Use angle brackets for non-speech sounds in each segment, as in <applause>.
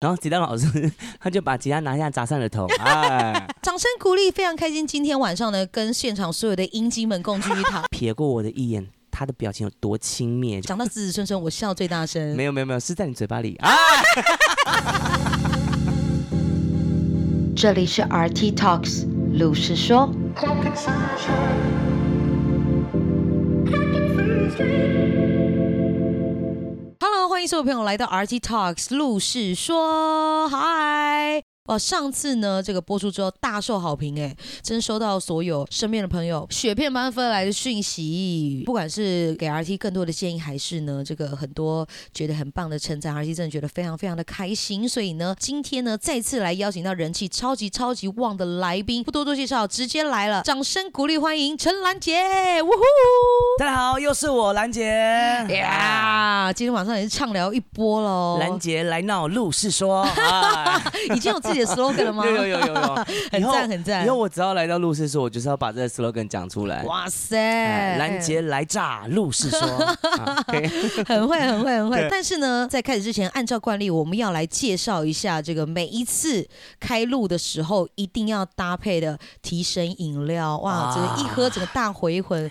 然後吉他老師， <laughs> 他就把吉他拿下砸上了頭、 <laughs> 哎。掌聲鼓勵，非常開心。今天晚上呢，跟現場所有的音精們共聚一堂。 <laughs> 撇過我的一眼，他的表情有多輕蔑。講 <laughs> 到子子孫孫，我笑最大聲。沒有沒有沒有，是在你嘴巴裡啊。 <laughs> 哎、 <laughs> 這裡是 RT Talks 露是說。歡迎所有朋友來到 RT Talks 露是說，嗨。Hi 哦，上次呢，這個播出之後大受好評，哎，真收到所有身邊的朋友雪片般飛來的訊息，不管是給 RT 更多的建議，還是呢這個很多覺得很棒的成長，RT 真的覺得非常非常的開心。所以呢，今天呢再次來邀請到人氣超級超級旺的來賓，不多多介紹，直接來了，掌聲鼓勵歡迎陳蘭杰，嗚呼！大家好，又是我蘭杰呀、yeah, 啊，今天晚上也是暢聊一波嘍，蘭杰來鬧，露是說， <laughs> 已經有自己。 <laughs> slogan 了嗎？ <laughs> 有有有有，很讚很讚。以後我只要來到露是說，我就是要把這個 slogan 講出來。哇塞，藍、欸、杰來炸露是說、 <laughs> okay，很會很會很會。但是呢，在開始之前，按照慣例，我們要來介紹一下這個每一次開錄的時候一定要搭配的提神飲料。哇，這、啊、一喝整個大回魂。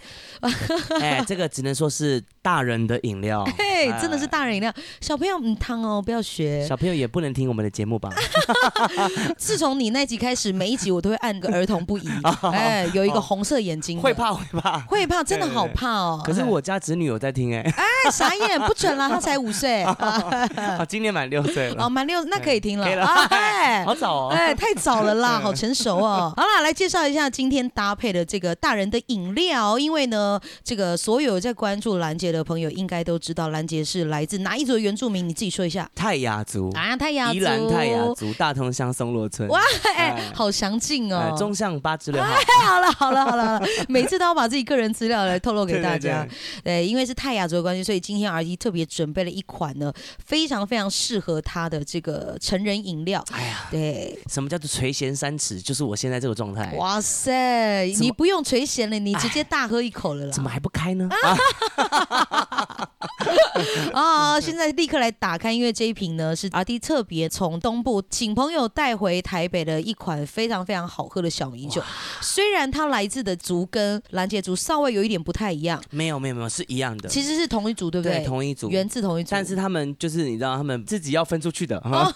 哎、 <laughs> 欸，這個只能說是大人的飲料。對、欸，真的是大人飲料。小朋友，嗯，湯哦，不要學。小朋友也不能聽我們的節目吧。 <laughs> <laughs> 自從你那集開始，每一集我都會按個兒童不宜。哎、哦欸，有一個紅色眼睛、哦，會怕會怕，會怕，真的好怕哦。對對對對，可是我家侄女有在聽哎、欸，哎、欸、傻眼，不准了，她才五歲，啊、哦 <laughs> 哦，今年滿六歲了，哦，滿六那可以聽、欸、可以了，哎、哦，好早哦，哎、欸，太早了啦，好成熟哦。嗯、好了，來介紹一下今天搭配的這個大人的飲料，因為呢，這個所有在關注藍杰的朋友應該都知道，藍杰是來自哪一族的原住民，你自己說一下，泰雅族啊，泰雅族，宜蘭泰雅族，大同鄉。松羅村哇、欸嗯喔嗯，哎，好詳盡哦。中向八資料。好了好了好了，好了 <laughs> 每次都要把自己個人資料來透露給大家對對對。對，因為是泰雅族的關係，所以今天 RT 特別準備了一款呢，非常非常適合他的這個成人飲料。哎呀，對，什麼叫做垂涎三尺？就是我現在這個狀態。哇塞，你不用垂涎了，你直接大喝一口了啦。哎、怎麼還不開呢？啊 <laughs> <laughs> 啊、 <laughs> 哦！現在立刻來打開，因為這一瓶呢是 RT 特別從東部請朋友帶回台北的一款非常非常好喝的小米酒。雖然它來自的族跟藍杰族稍微有一點不太一樣，沒有沒有沒有是一樣的，其實是同一族，對不對？對，同一族，源自同一族，但是他們就是你知道，他們自己要分出去的、哦。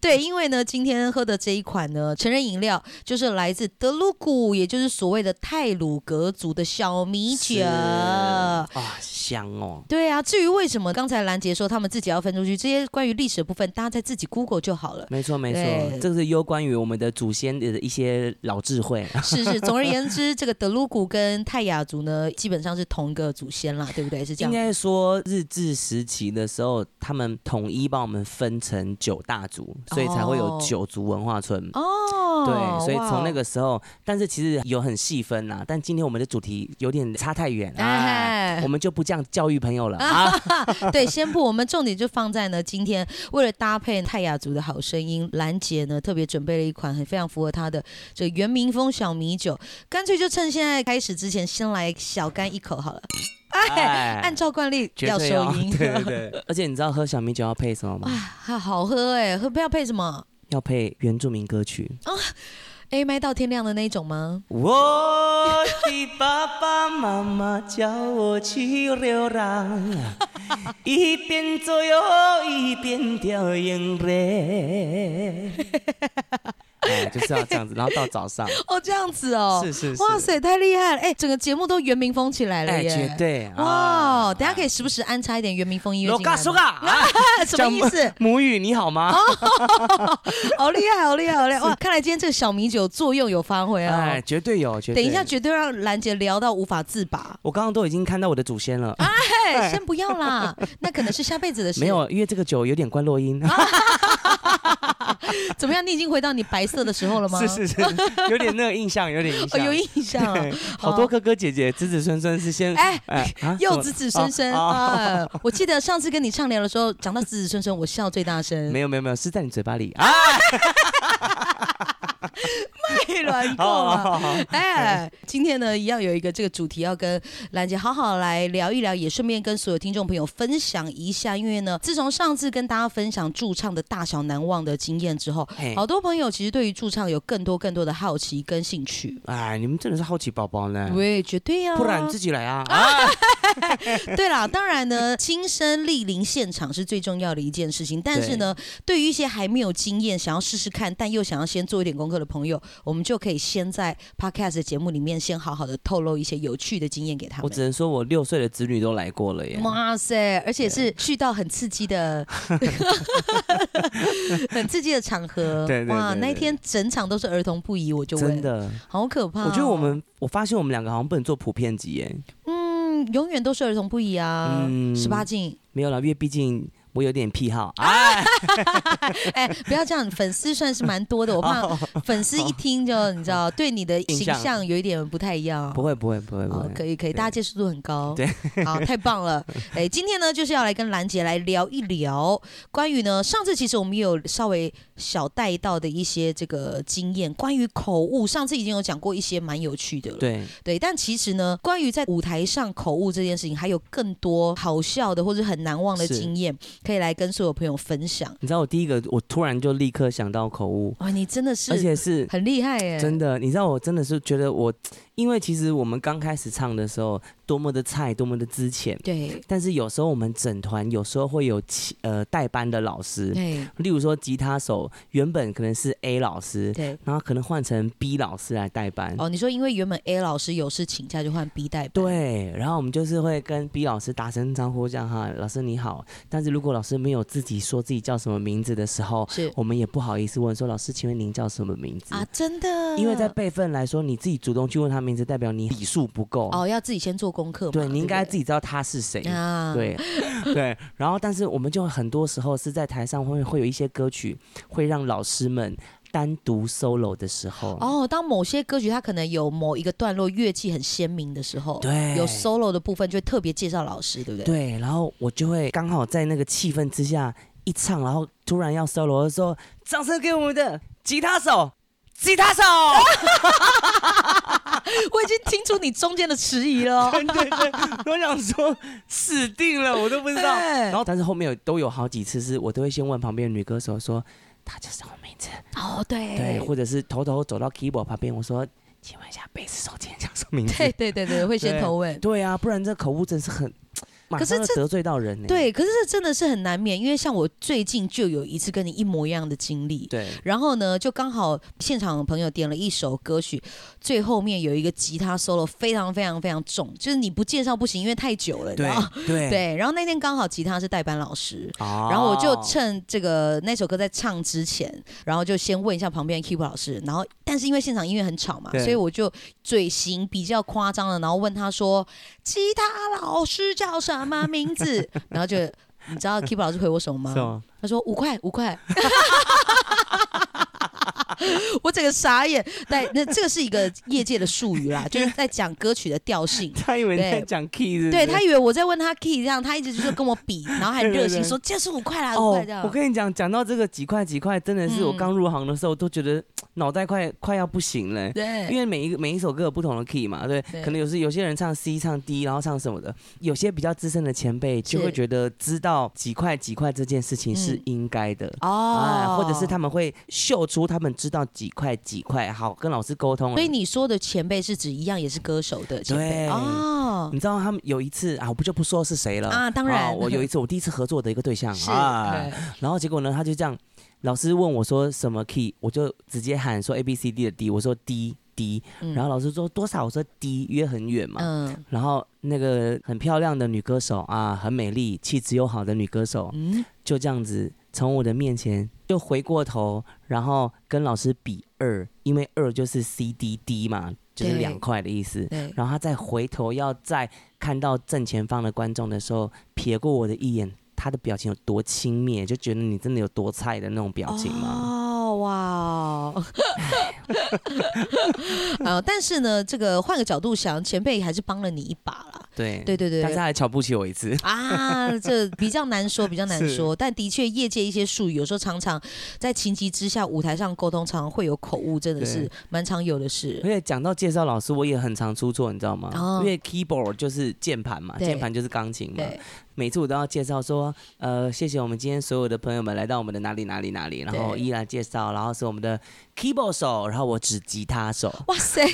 對，因為呢，今天喝的這一款呢，成人飲料就是來自德魯固，也就是所謂的太魯閣族的小米酒。講哦，對啊。至於為什麼剛才蘭杰說他們自己要分出去，這些關於歷史的部分，大家在自己 Google 就好了。沒錯沒錯，這是攸關於我們的祖先的一些老智慧。是是，總而言之， <laughs> 這個德魯古跟泰雅族呢，基本上是同一個祖先啦，對不對？是這樣。應該說日治時期的時候，他們統一把我們分成九大族，所以才會有九族文化村。哦，對，所以從那個時候，哦、但是其實有很細分吶、啊。但今天我們的主題有點差太遠了哎，哎，我們就不這樣教育朋友了啊！ <laughs> 對，先不，我們重點就放在呢。今天為了搭配泰雅族的好聲音，藍杰呢特別準備了一款很非常符合她的這原民風小米酒，乾脆就趁現在開始之前，先來小乾一口好了。哎，按照慣例要，要收音。對對對。 <laughs> 而且你知道喝小米酒要配什麼嗎？啊，好喝哎、欸！喝不要配什麼？要配原住民歌曲啊。欸麥到天亮的那一種嗎？我的爸爸媽媽叫我去流浪，一邊走又一邊掉眼淚。 <laughs> <laughs> 哎，就是要這樣子，然後到早上 <laughs> 哦，這樣子哦，是是，是，哇塞，太厲害了！哎、欸，整個節目都原民風起來了耶，欸、絕對哇、哦哎！等下可以時不時安插一點原民風音樂進嘎，有嘎、啊哎，什麼意思？母，母語你好嗎、哦？好厲害，好厲害，好厲害！哇，看來今天這個小米酒作用有發揮啊，哎，絕對有，絕對。等一下，絕對讓藍杰聊到無法自拔。我剛剛都已經看到我的祖先了。哎，哎先不要啦， <laughs> 那可能是下輩子的事。沒有，因為這個酒有點觀落陰。 <laughs> <laughs> 怎麼樣？你已經回到你白色的時候了嗎？ <laughs> 是是是，有點那個印象，有點印象， <laughs> 哦、有印象、啊。 <laughs> 好多哥哥姐姐、 <laughs> 子子孫孫是先哎、欸啊，又子子孫孫啊，啊，啊！我記得上次跟你暢聊的時候，講 <laughs> 到子子孫孫，我笑最大聲。沒有沒有沒有，是在你嘴巴裡 <laughs> 啊。 <laughs> 哈， <laughs> 別亂說嘛哎！今天呢，一樣有一個這個主題，要跟藍杰好好來聊一聊，也順便跟所有聽眾朋友分享一下。因為呢，自從上次跟大家分享駐唱的大小難忘的經驗之後，好多朋友其實對於駐唱有更多更多的好奇跟興趣。哎，你們真的是好奇寶寶呢！對，絕對呀、啊！不然你自己來啊！啊 <laughs> <laughs> 對啦，當然呢，親身蒞臨現場是最重要的一件事情。但是呢，對於一些還沒有經驗，想要試試看，但又想要。先做一點功課的朋友，我們就可以先在 podcast 的節目裡面先好好的透露一些有趣的經驗給他。我只能說，我六歲的子女都來過了耶！哇塞，而且是去到很刺激的、 <laughs> 很刺激的場合。對對對對對。哇，那一天整場都是兒童不宜，我就問真的好可怕、啊。我覺得我們，我發現我們兩個好像不能做普遍級耶。嗯，永遠都是兒童不宜啊！嗯、十八禁沒有了，因為畢竟。我有點癖好，哎、啊啊欸，不要這樣， <laughs> 粉絲算是蠻多的，我怕、哦、粉絲一聽就你知道，哦、對你的形象，形象有一點不太一樣。不會，不會，不會，不會哦、可以，可以，大家接受度很高，對，好，太棒了，哎、欸，今天呢就是要來跟藍杰來聊一聊關於呢，上次其實我們有稍微小帶到的一些這個經驗，關於口誤，上次已經有講過一些蠻有趣的了，對，對，但其實呢，關於在舞台上口誤這件事情，還有更多好笑的或者很難忘的經驗。可以來跟所有朋友分享。你知道我第一個，我突然就立刻想到口誤。哇、哦，你真的是、欸，而且是很厲害，真的。你知道我真的是覺得我。因為其實我們剛開始唱的時候，多麼的菜，多麼的資淺，對。但是有時候我們整團有時候會有呃代班的老師，對。例如說吉他手原本可能是 A 老師，對。然後可能換成 B 老師來代班。哦，你說因為原本 A 老師有事請假，就換 B 代班。對。然後我們就是會跟 B 老師打聲招呼，這樣哈，老師你好。但是如果老師沒有自己說自己叫什麼名字的時候，是。我們也不好意思問說老師，請問您叫什麼名字啊？真的。因為在輩分來說，你自己主動去問他名字代表你禮數不夠哦，要自己先做功課。對，你應該自己知道他是誰。對對、啊、對，對，然後但是我們就很多時候是在台上會會有一些歌曲會讓老師們單獨 solo 的時候。哦，當某些歌曲它可能有某一個段落樂器很鮮明的時候，對，有 solo 的部分就會特別介紹老師，對不對？對，然後我就會剛好在那個氣氛之下一唱，然後突然要 solo 的時候，掌聲給我們的吉他手，吉他手。 <laughs> <laughs> 我已經聽出你中間的遲疑了喔。 <laughs> 對對對，我想說死定了，我都不知道。然後，但是後面有都有好幾次，是我都會先問旁邊的女歌手說：“她叫什麼名字？”哦，對對，或者是偷偷走到 keyboard 旁邊，我說：“請問一下，貝斯手今天講什麼名字？”對對對對，會先偷問。對啊，不然這口誤真是很。可是這得罪到人。欸，對，可是這真的是很難免，因為像我最近就有一次跟你一模一樣的經歷，對，然後呢，就剛好現場的朋友點了一首歌曲，最後面有一個吉他 solo，非常非常非常重，就是你不介紹不行，因為太久了，你知道對對，對，然後那天剛好吉他是代班老師，哦、然後我就趁這個那首歌在唱之前，然後就先問一下旁邊的 keyboard 老師，然後但是因為現場音樂很吵嘛，所以我就嘴型比較誇張的，然後問他說：“吉他老師叫什麼？”媽 <laughs> 媽名字，然後就你知道 Keep 老師回我手是什麼嗎？他說五塊五塊。 <laughs> <laughs> <laughs> 我整個傻眼，那那這個是一個業界的術語啦，就是在講歌曲的調性。 <laughs> 他以為你在講 key，是不是？對，對他以為我在問他 key，這樣他一直就跟我比，然後還熱心對對對說就是五塊啦、啊。哦、oh,，我跟你講，講到這個幾塊幾塊，真的是我剛入行的時候都覺得腦袋快、嗯、快要不行了。對，因為每一個每一首歌有不同的 key 嘛，對，對可能有時有些人唱 C 唱 D，然後唱什麼的，有些比較資深的前輩就會覺得知道幾塊幾塊這件事情是應該的、嗯啊、哦，或者是他們會秀出他們。知道幾塊幾塊，好跟老師溝通。所以你說的前輩是指一樣也是歌手的前輩？對、哦、oh。你知道他們有一次啊，我不就不說是誰了啊。當然，啊、我有一次我第一次合作的一個對象啊對，然後結果呢，他就這樣，老師問我說什麼 key，我就直接喊說 A B C D 的 D，我說 D D，、嗯、然後老師說多少，我說 D 約很遠嘛，嗯，然後那個很漂亮的女歌手啊，很美麗、氣質又好的女歌手，嗯，就這樣子從我的面前。就回過頭，然後跟老師比二，因為二就是 C D D 嘛，就是兩塊的意思。然後他再回頭要再看到正前方的觀眾的時候，瞥過我的一眼，他的表情有多輕蔑，就覺得你真的有多菜的那種表情嘛。Oh 哇、wow！啊， <laughs> 但是呢，這個換個角度想，前輩還是幫了你一把啦。對對對對，大家還瞧不起我一次啊！這比較難說，比較難說。但的確，業界一些術語有時候常常在情急之下，舞台上溝通常常會有口誤，真的是蠻常有的事。因為講到介紹老師，我也很常出錯，你知道嗎？哦、因為 keyboard 就是鍵盤嘛，鍵盤就是鋼琴嘛對。每次我都要介紹說，呃，謝謝我們今天所有的朋友們來到我們的哪裡哪裡哪裡，然後依然介紹。然後是我們的 keyboard 手，然後我指吉他手。哇塞，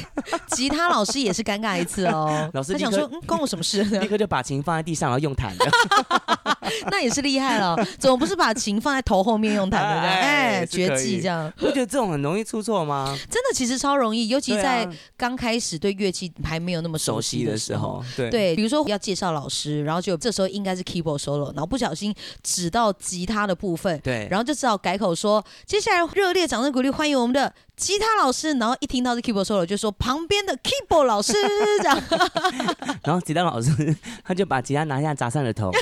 吉他老師也是尷尬一次哦。 <laughs> 老師他想說，嗯，關我什麼事啊？立刻就把琴放在地上，然後用彈的。 <laughs> <laughs> 那也是厲害了，總不是把琴放在頭後面用彈對不對？哎，絕技這樣，不覺得這種很容易出錯嗎？ <laughs> 真的，其實超容易，尤其在剛開始對樂器還沒有那麼熟悉的時候。時候對，對，比如說要介紹老師，然後就這時候應該是 keyboard solo，然後不小心指到吉他的部分，對，然後就只好改口說，接下來熱烈掌聲鼓勵歡迎我們的。吉他老師，然後一聽到這 keyboard solo，就說旁邊的 keyboard 老師， <laughs> 這樣笑 <laughs> 然後吉他老師他就把吉他拿下砸上了頭，我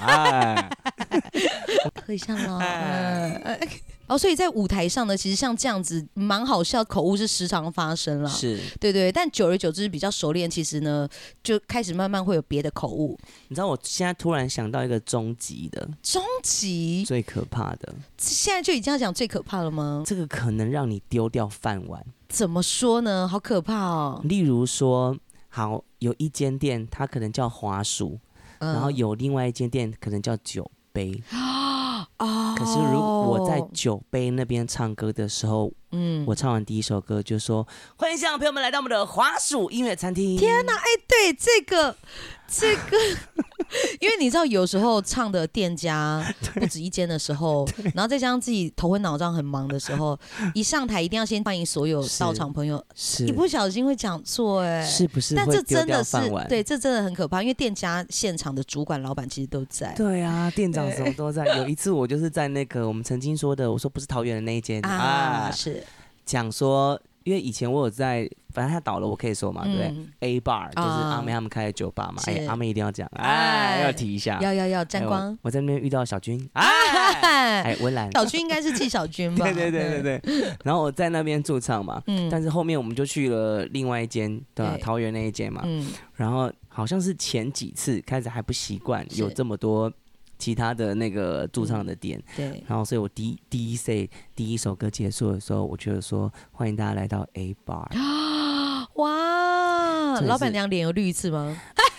磕一下囉，哎。哎哎哎 <laughs> 哦，所以在舞台上呢，其實像這樣子蠻好笑，口誤是時常發生了。是，對，對對。但久而久之比較熟練，其實呢，就開始慢慢會有別的口誤。你知道，我現在突然想到一個終極的，終極最可怕的。現在就已經要講最可怕了嗎？這個可能讓你丟掉飯碗。怎麼說呢？好可怕哦。例如說，好有一間店，它可能叫滑鼠，嗯，然後有另外一間店可能叫酒杯。啊可是，如果我在酒杯那邊唱歌的時候，嗯、oh.，我唱完第一首歌就說、嗯：“歡迎香港朋友們來到我們的華鼠音樂餐廳。”天哪，哎，對這個。啊、這個，因為你知道，有時候唱的店家不止一間的時候，然後再加上自己頭昏腦脹、很忙的時候，一上台一定要先歡迎所有到場朋友，一不小心會講錯哎，是不是？但這真的是，對，這真的很可怕，因為店家現場的主管、老闆其實都在。對啊，店長什麼都在。有一次我就是在那個我們曾經說的，我說不是桃園的那一間啊，是講說。因為以前我有在，反正他倒了，我可以說嘛，對不對？A bar 就是阿妹他們開的酒吧嘛，啊欸、阿妹一定要講，哎、啊，要提一下，要要要沾光、欸我。我在那邊遇到小君，哎、啊啊啊欸，溫嵐。小君應該是紀曉君吧？ <laughs> 對,對對對對對。然後我在那邊駐唱嘛、嗯，但是後面我們就去了另外一間，對吧、啊？桃園那一間嘛、嗯。然後好像是前幾次開始還不習慣，有這麼多。其他的那個駐唱的店，嗯，對，然後所以我第第一首第一首歌結束的時候，我就說，歡迎大家來到 A Bar，哇，老板娘臉有綠一次嗎？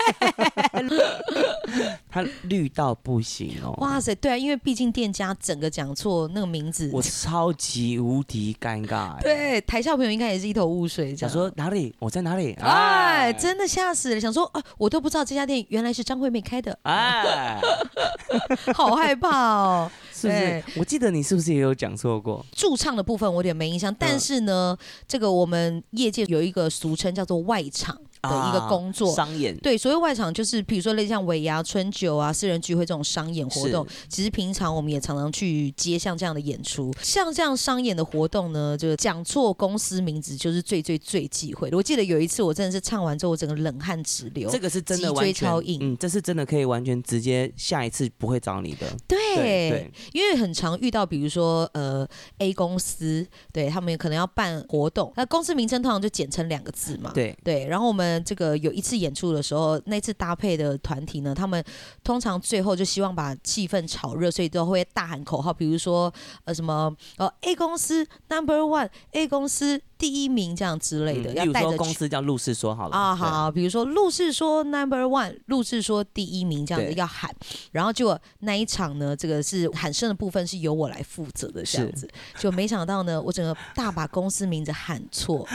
<laughs> <laughs> <laughs> 他綠到不行哦！哇塞，對啊，因為畢竟店家整個講錯那個名字，我超級無敵尷尬。對，台下朋友應該也是一頭霧水。想說哪裡？我在哪裡？哎，哎真的嚇死了！想說啊，我都不知道這家店原來是張惠妹開的，哎， <laughs> 好害怕哦！ <laughs> 是不是？我記得你是不是也有講錯過駐唱的部分？我有點沒印象、嗯。但是呢，這個我們業界有一個俗稱叫做外場。的一個工作、啊、商演，對，所謂外場就是比如說類似像尾牙、啊、春酒啊、私人聚會這種商演活動。其實平常我們也常常去接像這樣的演出，像這樣商演的活動呢，就是講錯公司名字就是最最最忌諱的。我記得有一次我真的是唱完之後，我整個冷汗直流，這個是真的完全，脊椎超硬，嗯，這是真的可以完全直接下一次不會找你的。對，對對，因為很常遇到，比如說呃 A 公司，對他們可能要辦活動，那公司名稱通常就簡稱兩個字嘛。對對，然後我們。嗯，這個有一次演出的時候，那次搭配的團體呢，他們通常最後就希望把氣氛炒熱，所以都會大喊口號，比如說呃什麼呃、哦、A 公司 Number One，A 公司。第一名這樣之類的，要帶着公司叫露是說好了啊，好，好，比如說露是說 number one，露是說第一名這樣子要喊，然後就那一場呢，這個是喊聲的部分是由我來負責的這樣子，就沒想到呢，我整個大把公司名字喊錯， <laughs>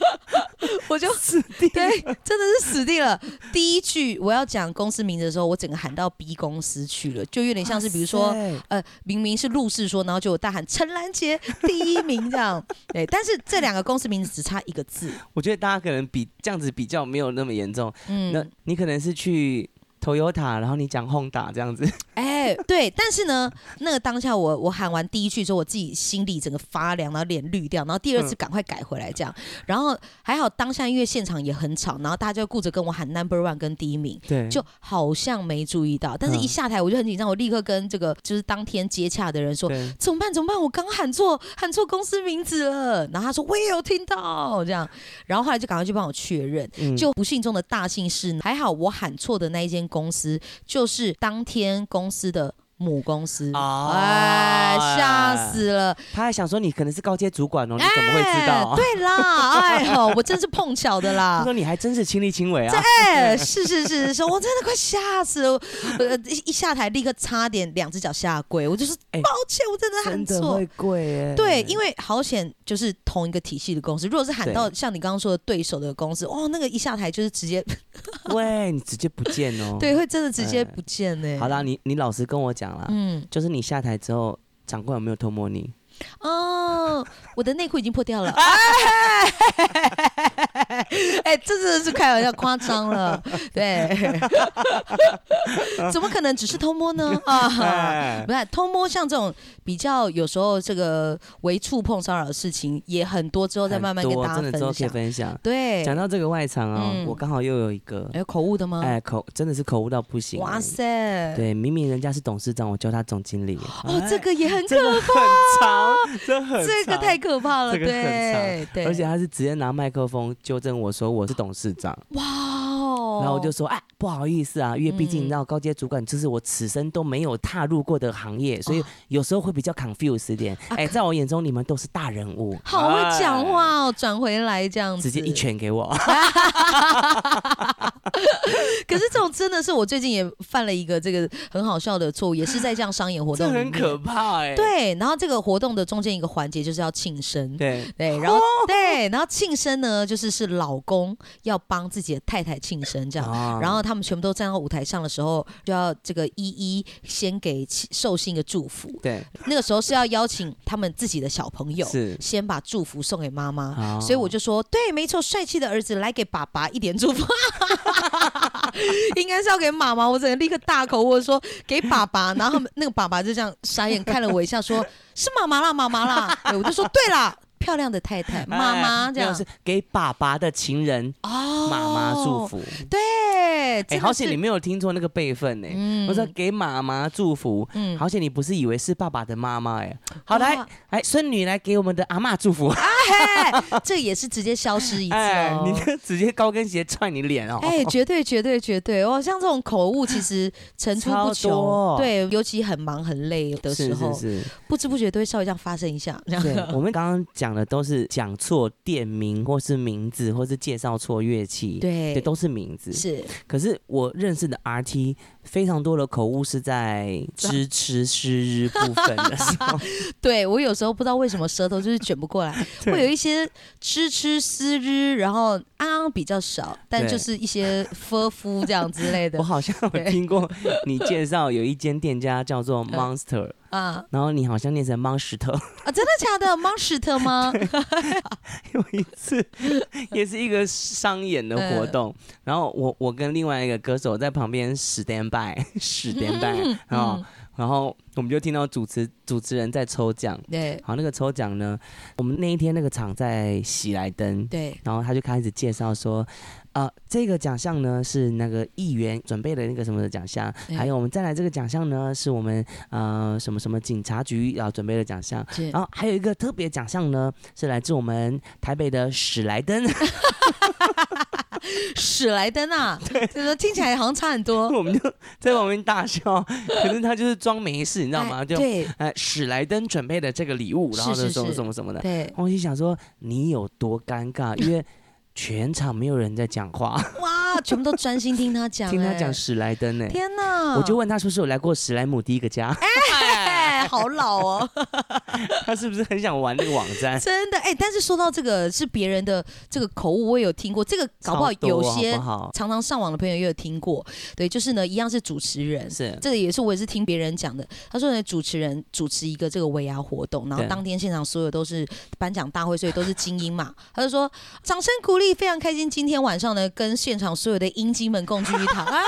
<laughs> 我就死定了對，真的是死定了。 <laughs> 第一句我要講公司名字的時候，我整個喊到 B 公司去了，就有點像是比如說呃，明明是露是說，然後就有大喊陳藍杰第一名這樣。 <laughs> <laughs> 對，但是這兩個公司名字只差一個字， <laughs> 我覺得大家可能比這樣子比較沒有那麼嚴重。嗯，那你可能是去。Toyota，然後你講 Honda 這樣子。哎、欸，對，但是呢，那個當下我我喊完第一句之後，我自己心裡整個發涼，然後臉綠掉，然後第二次趕快改回來這樣。嗯、然後還好，當下因為現場也很吵，然後大家就顧着跟我喊 Number One 跟第一名，對，就好像沒注意到。但是一下台我就很緊張，我立刻跟這個就是當天接洽的人說怎麼辦怎麼辦？我剛喊錯喊錯公司名字了。然後他說我也有聽到這樣，然後後來就趕快去幫我確認、嗯，就不幸中的大幸是，還好我喊錯的那一間。公司就是當天公司的，母公司，oh, 哎，嚇死了哎哎哎！他還想說你可能是高階主管哦、哎，你怎麼會知道？對啦， <laughs> 哎呦，我真是碰巧的啦。他說你還真是親力親為啊？哎，是是是是，說我真的快嚇死了，一 <laughs> 一下台立刻差點兩只腳下跪，我就是、哎、抱歉，我真的喊錯。真的會跪？對，因為好險就是同一個體系的公司，如果是喊到像你剛剛說的對手的公司，哇、哦，那個一下台就是直接， <laughs> 喂，你直接不見哦、喔？對，會真的直接不見呢、欸哎。好啦，你你老實跟我講。嗯，就是你下台之後，長官有沒有偷摸你？哦，我的內褲已經破掉了。 <laughs> 啊 <laughs> 哎、 <laughs> 欸，這真的是開玩笑誇張了，對， <laughs> 怎麼可能只是偷摸呢？啊，哎、不是偷摸，像這種比較有時候這個微觸碰騷擾的事情也很多，之後再慢慢跟大家分享。真的分享，對。講到這個外場啊、哦嗯，我剛好又有一個，有、哎、口誤的嗎？哎、欸，口真的是口誤到不行。哇塞，對，明明人家是董事長，我叫他總經理。哦，這個也很可怕。長，這這個太可怕了、這個，對，對。而且他是直接拿麥克風就。跟我說我是董事長，哇、wow！然後我就說哎，不好意思啊，因為畢竟你知道高階主管就是我此生都沒有踏入過的行業，oh. 所以有時候會比較 confuse 點。哎、oh.，在我眼中你們都是大人物，好會講話哦，轉回來這樣子，直接一拳給我。 <laughs> <laughs> <laughs> 可是這種真的是我最近也犯了一個這個很好笑的錯誤，也是在這樣商演活動，這很可怕哎、欸。對，然後這個活動的中間一個環節就是要慶生，對對，然後、哦、對，然後慶生呢，就是是老公要幫自己的太太慶生這樣、哦，然後他們全部都站到舞台上的時候，就要這個一一先給壽星一個祝福。對，那個時候是要邀請他們自己的小朋友，是先把祝福送給媽媽，所以我就說，對，沒錯，帥氣的兒子來給爸爸一點祝福。 <laughs> 哈哈哈，應該是要給媽媽，我只能立刻大口，我說給爸爸，然後那個爸爸就這樣傻眼看了我一下，說是媽媽啦，媽媽啦， <laughs> 欸、我就說對啦。漂亮的太太，媽媽這樣，哎、是給爸爸的情人哦，媽媽祝福對，哎、欸，好險你沒有聽錯那個輩分哎、欸嗯，我說給媽媽祝福，嗯，好險你不是以為是爸爸的媽媽哎、欸，好、哦啊，來哎，孫女來給我們的阿嬤祝福，哎、 <laughs> 這也是直接消失一次，哦哎，你就直接高跟鞋踹你臉哦，哎，絕對絕對絕對哦，像這種口誤其實層出不窮，哦，對，尤其很忙很累的時候，是是是，不知不覺都會稍微這樣發生一下， <laughs> 對。 <laughs> 我們剛剛講的。都是講錯店名，或是名字，或是介紹錯樂器，對，也都是名字。是，可是我認識的 RT。非常多的口誤是在“知吃思日”部分的時候 <laughs> 對。對我有時候不知道為什麼舌頭就是捲不過來，會 <laughs> 有一些“知吃思日”，然後啊，啊比較少，但就是一些 “fu fu” 這樣之類的。我好像有聽過你介紹有一間店家叫做 “Monster”，啊，然後你好像念成 “Monster” 啊， <laughs> 真的假的？“Monster” 嗎？有一次也是一個商演的活動，嗯、然後我我跟另外一個歌手在旁邊 stand by。 <laughs> 十點半，然後然後我們就聽到主持主持人在抽獎。對，好，那個抽獎呢，我們那一天那個場在喜來登。對，然後他就開始介紹說。啊、呃，這個獎項呢是那個議員準備的那個什麼的獎項，還有我們再來這個獎項呢，是我們呃什麼什麼警察局要、啊、準備的獎項，然後還有一個特別獎項呢，是來自我們台北的史萊登， <laughs> <laughs> 史萊登啊，對，就是聽起來好像差很多， <laughs> 我們就在旁邊大笑，可是他就是裝沒事，你知道嗎？就對，哎對，史萊登準備的這個禮物，然後什麼什麼什麼的，是是是對我就想說你有多尷尬，因為。 <laughs> 全場沒有人在講話，哇！全部都專心聽他講，欸，聽他講史萊登呢，欸。天哪！我就問他說：“是不是有來過史萊姆第一個家？”欸嘿嘿好老哦， <laughs> 他是不是很想玩那個網站？ <laughs> 真的哎、欸，但是說到這個是別人的這個口誤，我也有聽過。這個搞不好有些常常上網的朋友也有聽過。對，就是呢，一樣是主持人，是這個也是我也是聽別人講的。他說呢，主持人主持一個這個尾牙活動，然後當天現場所有都是頒獎大會，所以都是精英嘛。 <laughs> 他就說，掌聲鼓勵，非常開心，今天晚上呢跟現場所有的陰莖們共聚一堂啊。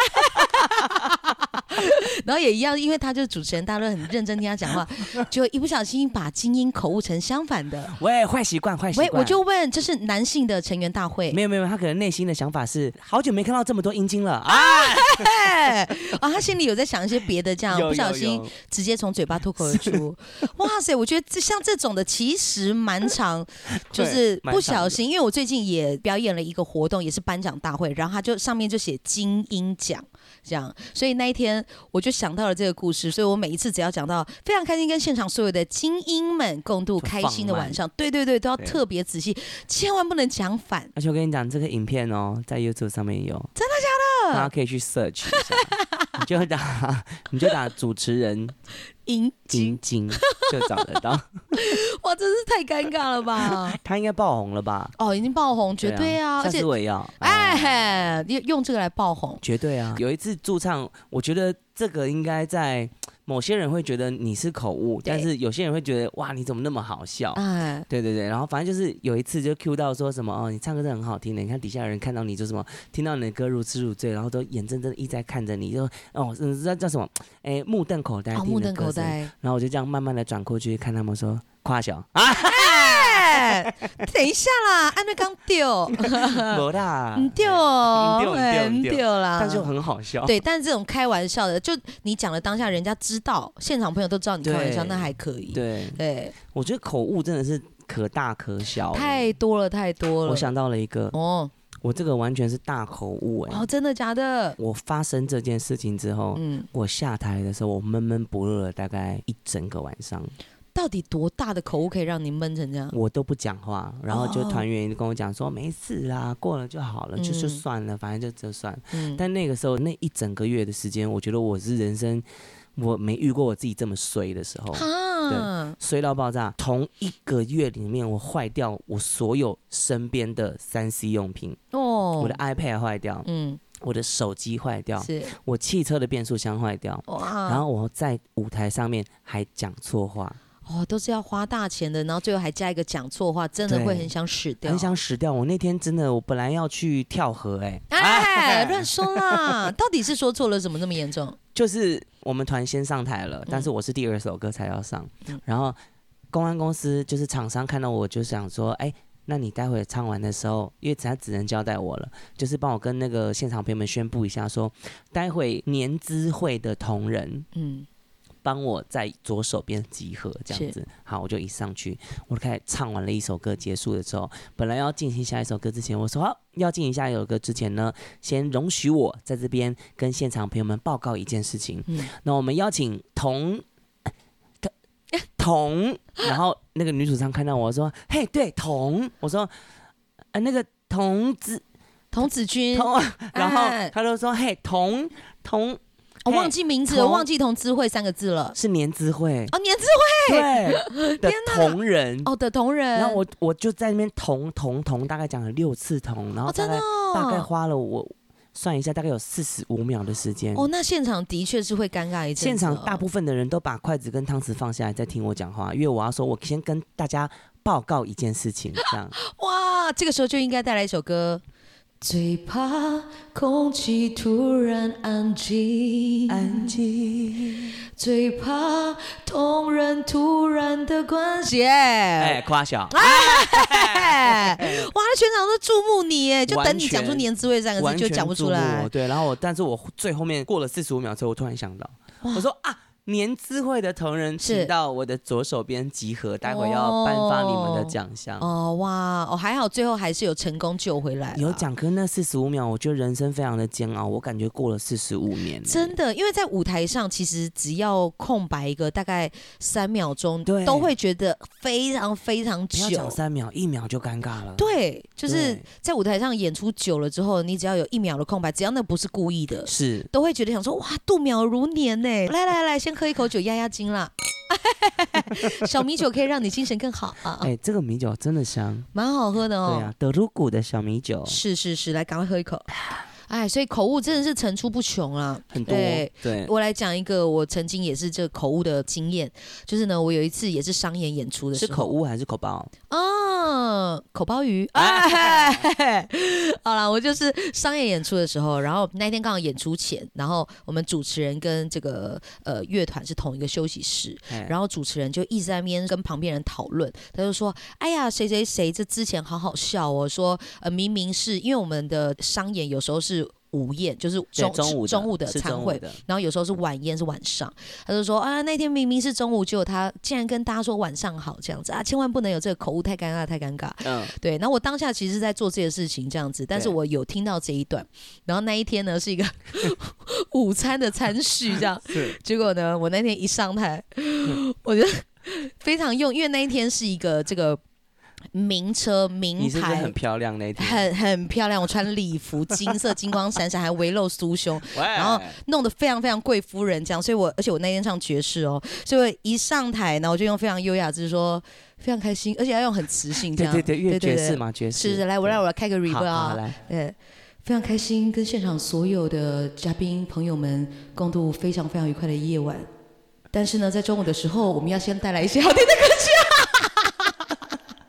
<laughs> <laughs> <laughs> 然後也一樣，因為他就是主持人大，大家都很認真聽他講話，就一不小心把“精英”口誤成相反的。喂，壞習慣，壞習慣。喂，我就問，這是男性的成員大會？沒有，沒有，他可能內心的想法是：好久沒看到這麼多陰莖了啊！嘿嘿 <laughs> 啊，他心裡有在想一些別的，這樣不小心直接從嘴巴脫口而出。哇塞，我覺得這像這種的，其實蠻常， <laughs> 就是不小心，因為我最近也表演了一個活動，也是頒獎大會，然後他就上面就寫“精英獎”。這樣，所以那一天我就想到了這個故事，所以我每一次只要講到非常開心，跟現場所有的精英們共度開心的晚上，對對對，都要特別仔細，千萬不能講反。而且我跟你講，這個影片哦，在 YouTube 上面有，真的假的？然後可以去 search 一下 <laughs> 你就打，你就打主持人英晶晶。 <laughs> 就找得到， <laughs> 哇，真是太尷尬了吧！ <laughs> 他應該爆紅了吧？哦，已經爆紅，絕對啊！上、啊、次我也要，哎、呃欸，用這個來爆紅，絕對啊！有一次駐唱，我覺得這個應該在。某些人會覺得你是口誤，但是有些人會覺得哇你怎麼那麼好笑、嗯？對對對，然後反正就是有一次就 cue 到說什麼哦，你唱歌是很好聽的，你看底下人看到你就什麼，聽到你的歌如痴如醉，然後都眼睜睜一直在看着你就，就哦嗯這叫，叫什麼哎、欸、目瞪口呆、哦，目瞪口呆，然後我就這樣慢慢的轉過去看他們說誇小。啊。啊啊 <laughs> <laughs> 等一下啦，安瑞剛丟， <laughs> 沒有啦，丟、 <laughs> 哦，丟，丟、欸，丟啦。但就很好笑。對，但是這種開玩笑的，就你講的當下，人家知道，現場朋友都知道你開玩笑，那還可以。對，對。我覺得口誤真的是可大可小，太多了，太多了。我想到了一個哦，我這個完全是大口誤哎、欸。哦，真的假的？我發生這件事情之後，嗯，我下台的時候，我悶悶不樂了，大概一整個晚上。到底多大的口誤可以讓您悶成這樣？我都不講話，然後就團員跟我講說、哦、沒事啦，過了就好了，嗯、就是算了，反正就就算了。嗯、但那個時候那一整個月的時間，我覺得我是人生我沒遇過我自己這麼衰的時候、啊、對，衰到爆炸。同一個月裡面，我壞掉我所有身邊的三 C 用品哦，我的 iPad 壞掉，嗯，我的手機壞掉，是我汽車的變速箱壞掉，然後我在舞台上面還講錯話。哦，都是要花大錢的，然後最後還加一個講錯話，真的會很想死掉、啊，很想死掉。我那天真的，我本來要去跳河、欸，哎，哎，亂說啦！ <laughs> 到底是說錯了，怎麼那麼嚴重？就是我們團先上台了，但是我是第二首歌才要上，嗯、然後公安公司就是廠商看到我，就想說，哎、嗯欸，那你待會唱完的時候，因為他只能交代我了，就是幫我跟那個現場朋友們宣布一下說，說待會年資會的同仁，嗯。幫我在左手邊集合，這樣子好，我就一上去，我就開始唱完了一首歌，結束的時候，本來要進行下一首歌之前，我說要進行下一首歌之前呢，先容許我在這邊跟現場朋友們報告一件事情。那我們邀請童、童，然後那個女主唱看到我說，嘿，對，童。我說，呃，那個童子、童子君，然後他就說，嘿，童、童。我、hey, 哦，忘記名字了，忘記同知會三個字了，是年知會哦，年知會，對， <laughs> 的同仁、啊、哦的同仁，然後我我就在那邊同同同，大概講了六次同，然後、哦、真的、哦、大概花了我算一下，大概有四十五秒的時間。哦，那現場的確是會尷尬一陣。現場大部分的人都把筷子跟湯匙放下來，在聽我講話，因為我要說，我先跟大家報告一件事情，這樣。 <laughs> 哇，這個時候就應該帶來一首歌。最怕空氣突然安靜，最怕同人突然的關係、欸。哎、誇、欸、獎！哇、欸，欸欸欸欸，全場、欸、都注目你耶，就等你講出你「年滋味」三個字這樣子，就講不出來。對，然後我，但是我最後面過了四十五秒之後，我突然想到，我說啊。年資會的同仁，請到我的左手邊集合，oh, 待會要頒發你們的獎項。哦哇哦，還好最後還是有成功救回來。有講，跟那四十五秒，我覺得人生非常的煎熬。我感覺過了四十五年、欸。真的，因為在舞台上，其實只要空白一個大概三秒鐘，對，都會覺得非常非常久。不要講三秒，一秒就尷尬了。對，就是在舞台上演出久了之後，你只要有一秒的空白，只要那不是故意的，是都會覺得想說哇，度秒如年呢、欸。來來來，先。喝一口酒壓壓驚啦， <laughs> 小米酒可以讓你精神更好啊。哎、欸，這個米酒真的香，蠻好喝的哦。對呀、啊，德魯古的小米酒。是是是，來，趕快喝一口。哎，所以口誤真的是層出不窮啊，很多。對，對我來講一個我曾經也是這口誤的經驗，就是呢，我有一次也是商演演出的時候，是口誤還是口包？嗯，口包魚。啊、好了，我就是商業演，演出的時候，然後那天剛好演出前，然後我們主持人跟這個呃樂團是同一個休息室，然後主持人就一直在那邊跟旁邊人討論，他就說：“哎呀，誰誰誰，這之前好好笑哦、喔，說呃明明是因為我們的商演有時候是。”午宴就是中中午，是中午的餐會的，然後有時候是晚宴是晚上，嗯、他就說啊，那天明明是中午，結果他竟然跟大家說晚上好這樣子啊，千萬不能有這個口誤，太尷尬，太尷尬。嗯，對。然後我當下其實在做這些事情這樣子，但是我有聽到這一段，然後那一天呢是一個 <laughs> 午餐的餐敘這樣， <laughs> 是結果呢我那天一上台， <laughs> 嗯、我覺得非常用，因為那一天是一個這個。名車名牌，很漂亮，那台很很漂亮。我穿禮服，金色金光閃閃， <laughs> 還微露酥胸，然後弄得非常非常貴夫人這樣。所以我，而且我那天唱爵士哦、喔，所以我一上台呢，我就用非常優雅就是說，非常開心，而且要用很磁性這樣 <laughs> 對對對對對對。對對對，爵士嘛爵士。是的，來我來我，來我來開個 r i r 啊，對，非常開心跟現場所有的嘉賓朋友們共度非常非常愉快的夜晚。但是呢，在中午的時候，我們要先帶來一些好聽的歌曲啊。 <laughs>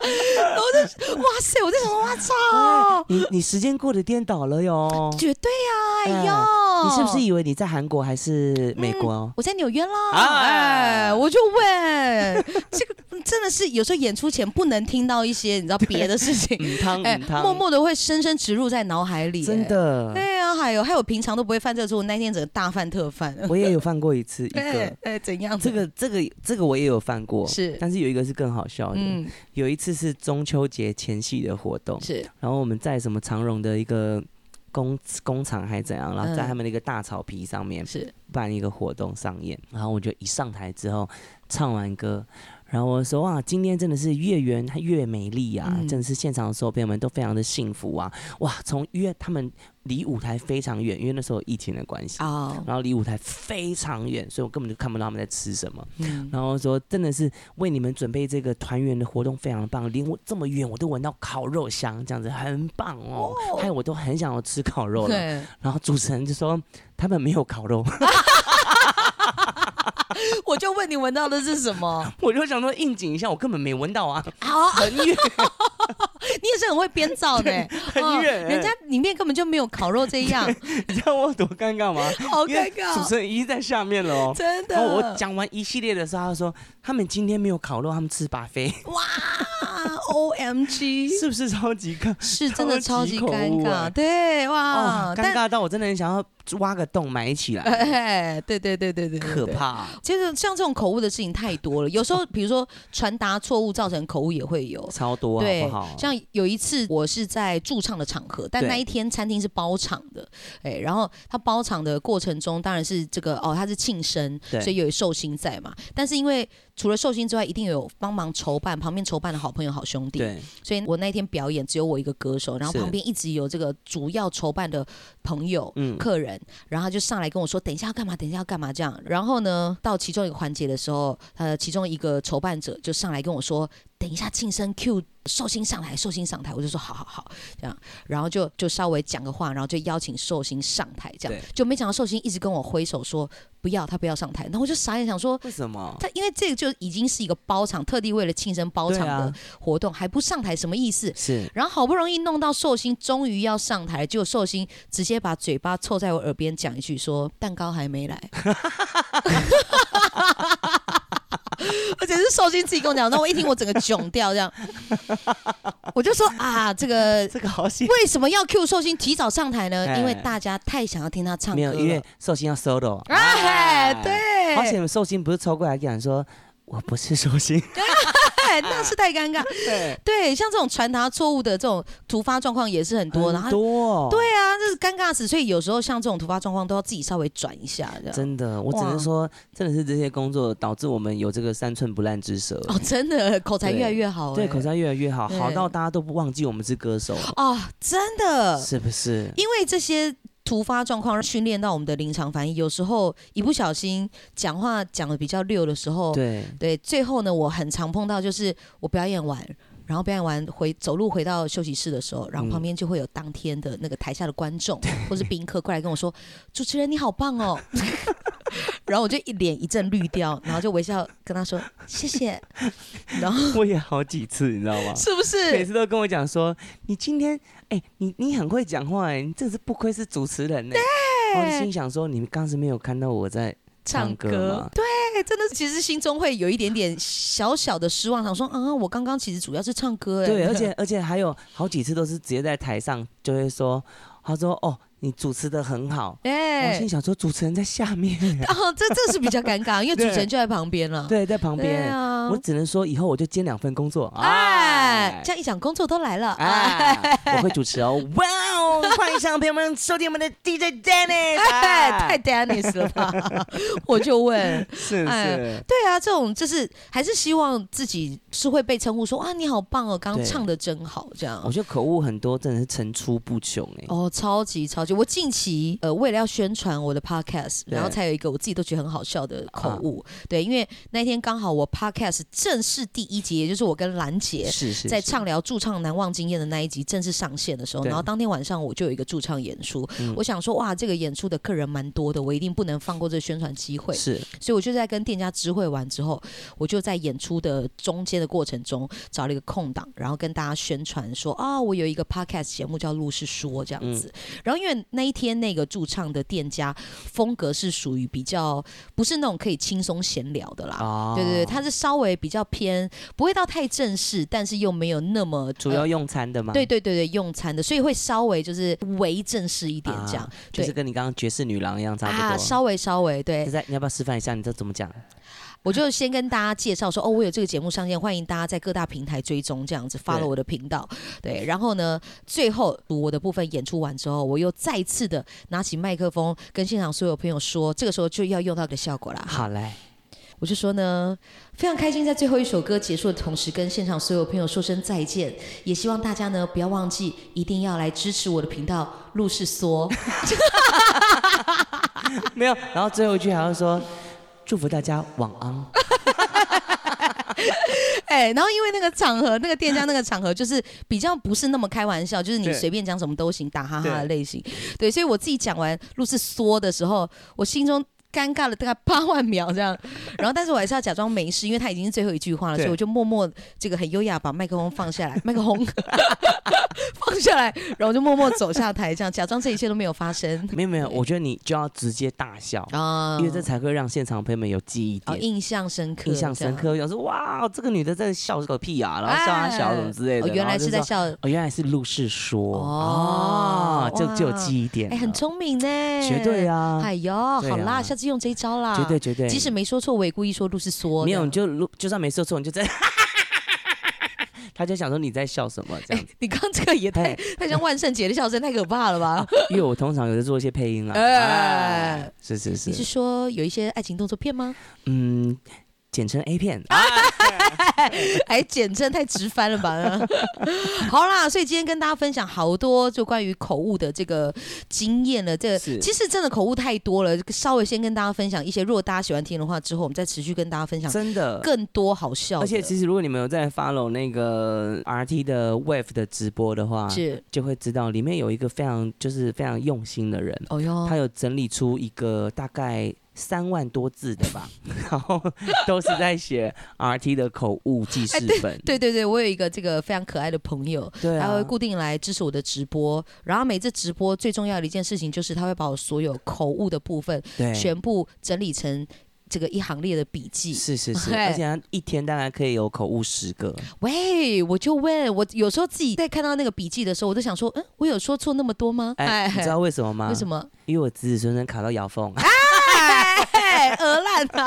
<laughs> 我在哇塞，我在想說，哇操，欸、你你時間過得顛倒了喲，絕對呀、啊欸、哎呦，你是不是以為你在韓國還是美國？嗯、我在紐約啦，哎、啊欸欸，我就問， <laughs> 這個真的是有時候演出前不能聽到一些你知道別的事情，嗯、湯，欸、嗯湯，默默的會深深植入在腦海裡、欸，真的，對、欸、啊、哎，還有還有，平常都不會犯這個錯誤，那天整個大犯特犯， <laughs> 我也有犯過一次，一個，哎、欸欸，怎樣？這個這個這個我也有犯過，是，但是有一個是更好笑的，嗯、有一次。這是中秋節前夕的活動，是。然後我們在什麼長榮的一個工工廠還是怎樣，然後在他們那個大草皮上面是辦一個活動上演。然後我就一上台之後，唱完歌。然後我說哇，今天真的是月圓，它越美麗啊！真的是現場的所有朋友們都非常的幸福啊！哇，從約他們離舞台非常遠，因為那時候有疫情的關係啊，然後離舞台非常遠，所以我根本就看不到他們在吃什麼。然後我說真的是為你們準備這個團圓的活動非常棒，離我這麼遠我都聞到烤肉香，這樣子很棒哦，害我都很想要吃烤肉了。然後主持人就說他們沒有烤肉。 <laughs> <laughs> <laughs> 我就問你聞到的是什麼？ <laughs> 我就想說應景一下，我根本沒聞到啊，啊、哦，很遠。 <laughs> 你也是很會編造的、欸，很遠、欸哦。人家裡面根本就沒有烤肉這樣。你知道我多尷尬嗎？ <laughs> 好尷尬！主持人已經在下面了哦，真的。我講完一系列的時候，他說他們今天沒有烤肉，他們吃 buffet 哇 <laughs> ！O M G，是不是超級尬？是真的超級尷尬，對哇，尷、哦、尬到我真的很想要。挖個洞埋起來，欸、對，對，對對對對對，可怕、啊。其實像這種口誤的事情太多了，有時候比如說傳達錯誤造成口誤也會有，超多。對，好，不好像有一次我是在駐唱的場合，但那一天餐廳是包場的，哎、欸，然後他包場的過程中，當然是這個哦，他是慶生，所以有壽星在嘛。但是因為除了壽星之外，一定有幫忙籌辦，旁邊籌辦的好朋友、好兄弟，所以我那一天表演只有我一個歌手，然後旁邊一直有這個主要籌辦的朋友、客人。嗯然後就上來跟我說：“等一下要幹嘛？等一下要幹嘛？”這樣。然後呢，到其中一個環節的時候，呃，其中一個籌辦者就上來跟我說。等一下，慶生 Cue 壽星上台，壽星上台，我就說好好好，這樣，然後就就稍微講個話，然後就邀請壽星上台，這樣。就沒想到壽星一直跟我揮手說不要，他不要上台，然後我就傻眼，想說為什麼？他因為這個就已經是一個包場，特地為了慶生包場的活動，啊、還不上台什麼意思？是，然後好不容易弄到壽星，終於要上台，結果壽星直接把嘴巴湊在我耳邊講一句說，說蛋糕還沒來。 <laughs> <laughs> <laughs> 而且是壽星自己跟我講，那我一聽我整個囧掉，這樣， <laughs> 我就說啊，這個這個好喜歡，為什麼要 Q 壽星提早上台呢？因為大家太想要聽他唱歌，沒有，因為壽星要 solo 啊嘿，對，而且壽星不是抽過來講說，我不是壽星。 <laughs> <laughs> 對，那是太尷尬，啊對，對，像這種傳達錯誤的這種突發狀況也是很多，很多哦，然後，對啊，就是尷尬死，所以有時候像這種突發狀況都要自己稍微轉一下。真的，我只能說，真的是這些工作導致我們有這個三寸不爛之舌哦，真的口才越來越好，欸對，對，口才越來越好，好到大家都不忘記我們是歌手哦，真的，是不是？因為這些。突發狀況訓練到我們的臨場反應，有時候一不小心講話講得比較溜的時候，對，對，最後呢，我很常碰到就是我表演完，然後表演完回走路回到休息室的時候，然後旁邊就會有當天的那個台下的觀眾、嗯、或是賓客過來跟我說：“主持人你好棒哦、喔。 <laughs> ”然後我就一臉一陣綠掉，然後就微笑跟他說 <laughs> 謝謝。然後我也好幾次，你知道嗎？ <laughs> 是不是？每次都跟我講說，你今天哎、欸，你你很會講話哎、欸，你真的是不愧是主持人呢、欸。對、欸。我心想說，你們剛才沒有看到我在唱歌，唱歌對，真的，其實心中會有一點點小小的失望，想說，嗯，我剛剛其實主要是唱歌哎、欸。對，而且而且還有好幾次都是直接在台上就會說，他說哦。你主持的很好，哎、欸，我心想說主持人在下面，哦，這這是比較尷尬，因為主持人就在旁邊了、啊，對，在旁邊、啊，我只能說以後我就兼兩份工作，啊、哎哎哎，這樣一講工作都來了哎哎，哎，我會主持哦，哎、哇哦，歡迎上朋友們收聽我們的 DJ Dennis、哎哎、太 Dennis 了吧， <laughs> 我就問，是是、哎，對啊，這種就是還是希望自己是會被稱呼說哇你好棒哦，剛剛唱的真好，這樣，我覺得口誤很多真的是層出不窮哎、欸，哦，超級超級。我近期呃，為了要宣傳我的 podcast，然後才有一個我自己都覺得很好笑的口誤，啊。對，因為那天剛好我 podcast 正式第一集，也就是我跟藍杰在暢聊駐唱難忘經驗的那一集正式上線的時候，是是是，然後當天晚上我就有一個駐唱演出。我想說，哇，這個演出的客人蠻多的，我一定不能放過這個宣傳機會。是，所以我就在跟店家知會完之後，我就在演出的中間的過程中找了一個空檔，然後跟大家宣傳說啊、哦，我有一個 podcast 節目叫《露是說》這樣子。嗯，然後因為。那一天那個駐唱的店家風格是屬於比較不是那種可以輕鬆閒聊的啦，哦、對，對對，對，他是稍微比較偏，不會到太正式，但是又沒有那麼、呃、主要用餐的嘛。對對對，對用餐的，所以會稍微就是微正式一點這樣，啊、就是跟你剛剛爵士女郎一樣差不多，啊、稍微稍微對。你要不要示範一下？你知道怎麼講？我就先跟大家介紹說，哦，我有這個節目上線，歡迎大家在各大平台追蹤，這樣子 follow 我的頻道對。對，然後呢，最後我的部分演出完之後，我又再次的拿起麥克風，跟現場所有朋友說，這個時候就要用到的效果了。好嘞，我就說呢，非常開心在最後一首歌結束的同時，跟現場所有朋友說聲再見，也希望大家呢不要忘記，一定要來支持我的頻道露是說。 <laughs> <laughs> <laughs> 沒有，然後最後一句好像說。祝福大家晚安。哎，然後因為那個場合， <laughs> 那個店家那個場合就是比較不是那麼開玩笑，就是你隨便講什麼都行，打哈哈的類型。對，對所以我自己講完露是說的時候，我心中。尷尬了大概八萬秒這樣，然後但是我還是要假裝沒事，因為他已經是最後一句話了，所以我就默默這個很優雅把麥克風放下來， <laughs> 麥克風 <laughs> <laughs> 放下來，然後就默默走下台這樣，假裝這一切都沒有發生。沒有沒有，我覺得你就要直接大笑啊、哦，因為這才會讓現場朋友們有記憶點，印象深刻，印象深刻。我想說哇，這個女的在笑這個屁啊，然後笑啊笑什麼之類的。我、哦、原來是在笑。哦，原來是露是說哦，哦就就有記憶點。哎，很聰明呢，絕對啊。哎呦，啊、好啦，下次。是用這一招啦，絕對絕對。即使沒說錯，我也故意說露是說沒有，你就路就算沒說錯，你就在， <laughs> 他就想說你在笑什麼？這樣子、欸，你剛剛這個也太、欸、太像萬聖節的笑聲， <laughs> 太可怕了吧？因為我通常有在做一些配音啦、欸、啊，是是是，你是說有一些愛情動作片嗎？嗯。簡稱 A 片啊！哎，簡稱太直翻了吧？ <laughs> 好啦，所以今天跟大家分享好多就關於口誤的這個經驗了。這個、其實真的口誤太多了。稍微先跟大家分享一些，如果大家喜歡聽的話，之後我們再持續跟大家分享真的更多好笑。而且其實，如果你們有在 follow 那個 RT 的 Wave 的直播的話，是就會知道裡面有一個非常就是非常用心的人。哦喲，他有整理出一個大概。三萬多字的吧，然 <laughs> 後 <laughs> 都是在寫 RT 的口誤記事本、欸。對對對，對，對，我有一個這個非常可愛的朋友對、啊，他會固定來支持我的直播，然後每次直播最重要的一件事情就是他會把我所有口誤的部分對全部整理成這個一行列的筆記。是是是，而且他一天大概可以有口誤十個。喂，我就問，我有時候自己在看到那個筆記的時候，我都想說，嗯，我有說錯那麼多嗎？哎、欸欸，你知道為什麼嗎？為什麼？因為我字字聲聲卡到搖風。啊鵝 <laughs> 爛 <laughs> <laughs>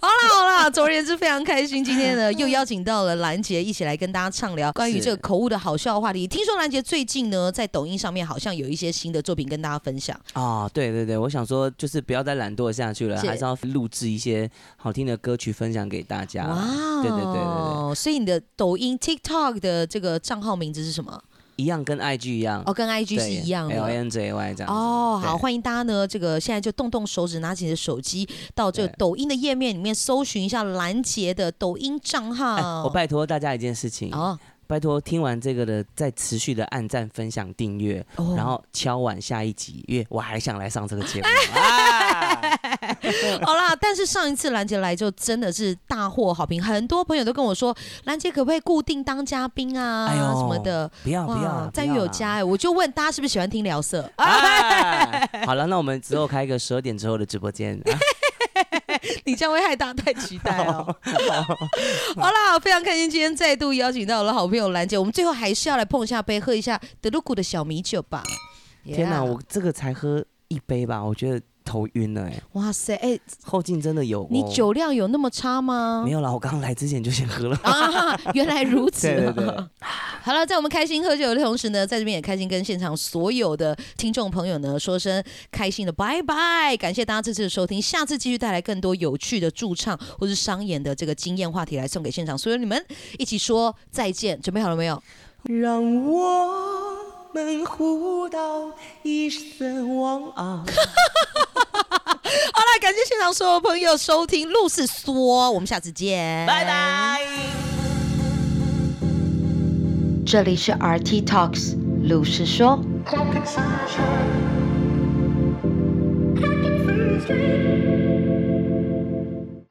好啦好啦，昨天是非常開心，今天呢又邀請到了蘭杰一起來跟大家暢聊關於這個口誤的好笑話題。聽說蘭杰最近呢在抖音上面好像有一些新的作品跟大家分享啊、哦！對對對，我想說就是不要再懶惰下去了，是還是要錄制一些好聽的歌曲分享給大家。哦、wow，對對對哦所以你的抖音 TikTok 的這個賬號名字是什麼？一樣跟 IG 一樣哦，跟 IG 是一樣的，L N J Y 這樣。哦，好，歡迎大家呢，這個現在就動動手指，拿起你的手機，到這個抖音的頁面裡面搜尋一下藍杰的抖音賬號、欸。我拜託大家一件事情。哦拜託，聽完這個的再持續的按讚、分享、訂閱，oh. 然後敲完下一集，因為我還想來上這個節目。 <laughs> 啊、 <laughs> 好啦，但是上一次藍杰來就真的是大獲好評，很多朋友都跟我說，藍杰可不可以固定當嘉賓啊、哎？什麼的，不要不要，不要啊、在育有家哎、欸啊，我就問大家是不是喜歡聽聊色？ <laughs> 啊、 <laughs> 好了，那我們之後開一個十二點之後的直播間。 <laughs> 啊你這樣會害大家太期待哦！ <laughs> 好,好,好,好, <laughs> 好啦好，非常開心今天再度邀請到了好朋友藍杰，我們最後還是要來碰一下杯，喝一下德魯古的小米酒吧。天哪、yeah，我這個才喝一杯吧，我覺得。頭暈了、欸、哇塞，哎、欸，後勁真的有、哦。你酒量有那麼差嗎？沒有啦，我剛來之前就先喝了。啊、 <laughs> uh，-huh, 原來如此、啊。 <laughs> 對對對 <laughs> 好了，在我們開心喝酒的同時呢，在這邊也開心跟現場所有的聽眾朋友呢說聲開心的拜拜，感謝大家這次的收聽，下次繼續帶來更多有趣的駐唱或是商演的這個經驗話題來送給現場，所以你們一起說再見，準備好了沒有？讓我。門互道一聲汪啊！好了，感謝現場所有朋友收聽《露是說》，我們下次見，拜拜。這裡是 RT Talks《露是說》是 Talks，是說。